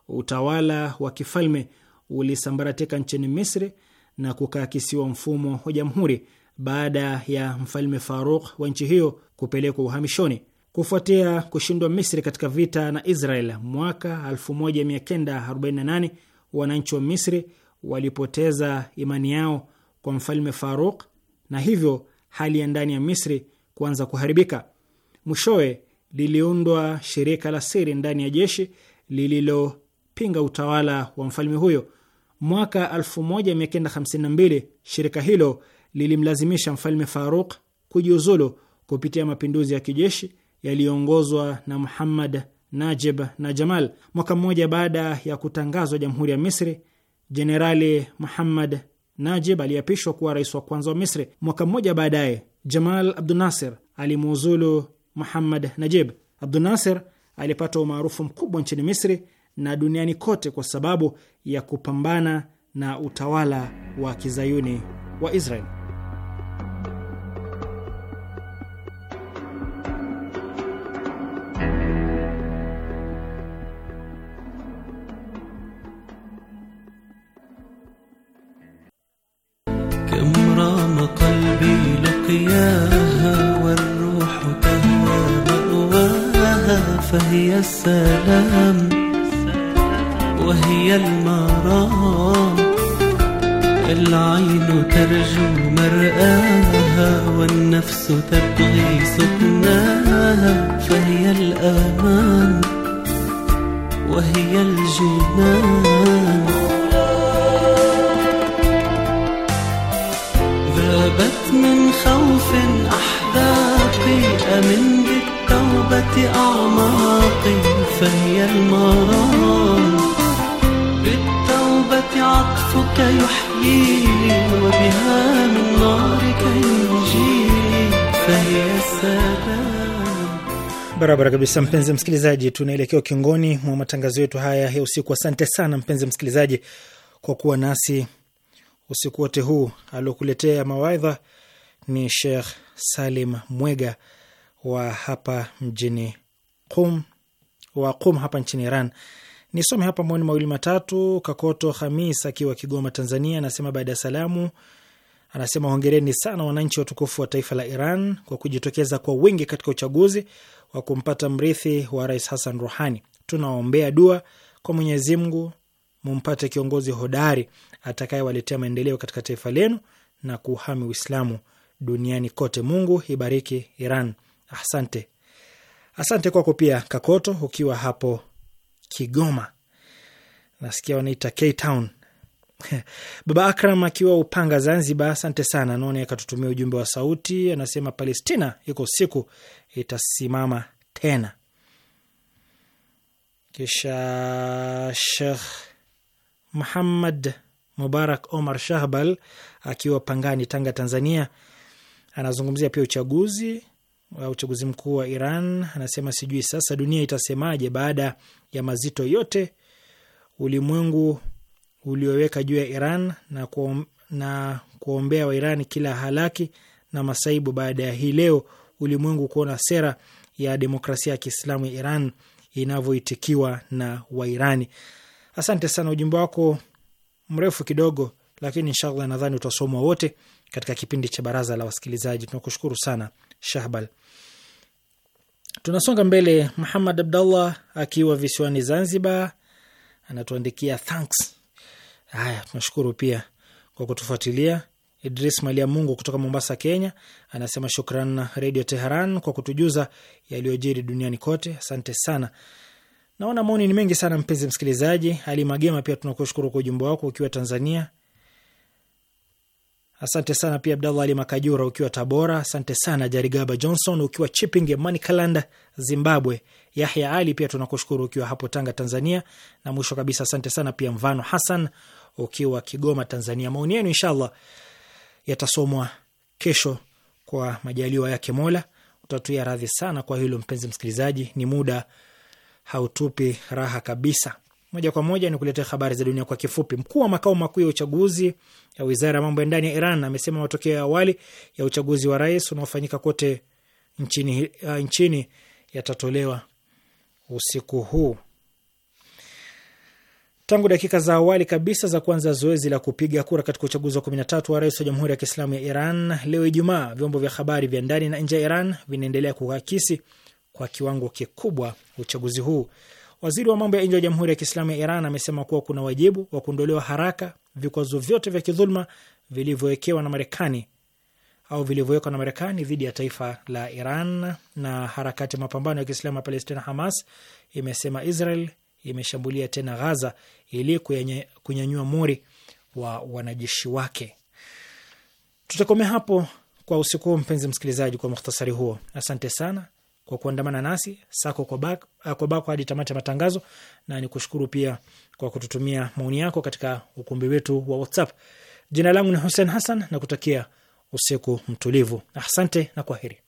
utawala wa kifalme ulisambaratika nchini Misri na kukaakisiwa mfumo wa jamhuri baada ya mfalme Faruk wa nchi hiyo kupelekwa uhamishoni kufuatia kushindwa Misri katika vita na Israel mwaka 1948. Wananchi wa Misri walipoteza imani yao kwa mfalme Faruk na hivyo hali ya ndani ya Misri kuanza kuharibika. Mwishowe liliundwa shirika la siri ndani ya jeshi lililopinga utawala wa mfalme huyo. Mwaka 1952 shirika hilo lilimlazimisha mfalme Faruk kujiuzulu kupitia mapinduzi ya kijeshi yaliyoongozwa na Muhammad Najib na Jamal. Mwaka mmoja baada ya kutangazwa jamhuri ya Misri, Jenerali Muhammad Najib aliapishwa kuwa rais wa kwanza wa Misri. Mwaka mmoja baadaye, Jamal Abdunasir alimuuzulu Muhammad Najib. Abdunasir alipata umaarufu mkubwa nchini Misri na duniani kote kwa sababu ya kupambana na utawala wa kizayuni wa Israel. كم قلبي لقياها والروح تهوى مأواها فهي السلام وهي المرام العين ترجو مرآها والنفس تبغي سكناها فهي الأمان وهي الجنان من خوف أحداقي أمن بالتوبة أعماقي فهي المرام بالتوبة عطفك يحييني وبها من نارك ينجيني فهي السلام Barabara kabisa, mpenzi msikilizaji, tunaelekea ukingoni mwa matangazo yetu haya ya usiku. Asante sana mpenzi msikilizaji kwa kuwa nasi usiku wote huu. Aliokuletea mawaidha ni Sheikh Salim Mwega wa hapa mjini Qum, wa Qum hapa nchini Iran. Nisome hapa maoni mawili matatu. Kakoto Hamis akiwa Kigoma, Tanzania, anasema baada ya salamu, anasema hongereni sana wananchi watukufu wa taifa la Iran kwa kujitokeza kwa wingi katika uchaguzi wa kumpata mrithi wa Rais Hassan Rouhani. Tunawaombea dua kwa Mwenyezi Mungu mumpate kiongozi hodari atakayewaletea maendeleo katika taifa lenu na kuhami Uislamu duniani kote. Mungu ibariki Iran. Asante, asante kwako pia Kakoto, ukiwa hapo Kigoma. Nasikia wanaita K Town. Baba Akram akiwa Upanga, Zanzibar, asante sana. Naona akatutumia ujumbe wa sauti, anasema Palestina iko siku itasimama tena. Kisha Shekh Muhammad Mubarak Omar Shahbal akiwa Pangani, Tanga, Tanzania, Anazungumzia pia uchaguzi uh, uchaguzi mkuu wa Iran. Anasema sijui sasa dunia itasemaje baada ya mazito yote ulimwengu ulioweka juu ya Iran na, kuom, na kuombea wa Iran kila halaki na masaibu baada ya hii leo ulimwengu kuona sera ya demokrasia ya Kiislamu ya Iran inavyoitikiwa na Wairani. Asante sana, ujumbe wako mrefu kidogo, lakini inshallah nadhani utasomwa wote katika kipindi cha baraza la wasikilizaji. Tunakushukuru sana Shahbal. Tunasonga mbele. Muhamad Abdallah akiwa visiwani Zanzibar anatuandikia thanks. Haya, tunashukuru pia kwa kutufuatilia. Idris Malia Mungu kutoka Mombasa, Kenya anasema shukran na Redio Teheran kwa kutujuza yaliyojiri duniani kote. Asante sana. Naona maoni ni mengi sana, mpenzi msikilizaji. Ali Magema pia tunakushukuru kwa ujumbe wako ukiwa Tanzania. Asante sana pia Abdallah Ali Makajura ukiwa Tabora. Asante sana Jarigaba Johnson ukiwa chiping Manicaland, Zimbabwe. Yahya Ali pia tunakushukuru ukiwa hapo Tanga, Tanzania. Na mwisho kabisa, asante sana pia Mvano Hassan ukiwa Kigoma, Tanzania. Maoni yenu inshallah yatasomwa kesho kwa majaliwa yake Mola. Utatuia radhi sana kwa hilo, mpenzi msikilizaji, ni muda hautupi raha kabisa moja kwa moja ni kuletea habari za dunia kwa kifupi. Mkuu wa makao makuu ya uchaguzi ya wizara ya mambo ya ndani ya Iran amesema matokeo ya awali ya uchaguzi wa rais unaofanyika kote nchini, uh, nchini yatatolewa usiku huu. Tangu dakika za awali kabisa za kuanza zoezi la kupiga kura katika uchaguzi wa 13 wa rais wa Jamhuri ya Kiislamu ya Iran leo Ijumaa, vyombo vya habari vya ndani na nje ya Iran vinaendelea kuhakisi kwa kiwango kikubwa uchaguzi huu. Waziri wa mambo ya nje wa Jamhuri ya Kiislamu ya Iran amesema kuwa kuna wajibu wa kuondolewa haraka vikwazo vyote vya kidhuluma vilivyowekewa na Marekani au vilivyowekwa na Marekani dhidi ya taifa la Iran. Na harakati ya mapambano ya Kiislamu ya Palestina, Hamas, imesema Israel imeshambulia tena Ghaza ili kunyanyua mori wa wanajeshi wake. Tutakomea hapo kwa usiku huu, mpenzi msikilizaji, kwa mukhtasari huo. Asante sana kwa kuandamana nasi sako kwa bako, eh, kwa bako hadi tamati ya matangazo, na ni kushukuru pia kwa kututumia maoni yako katika ukumbi wetu wa WhatsApp. Jina langu ni Hussein Hassan na kutakia usiku mtulivu. Asante na kwaheri.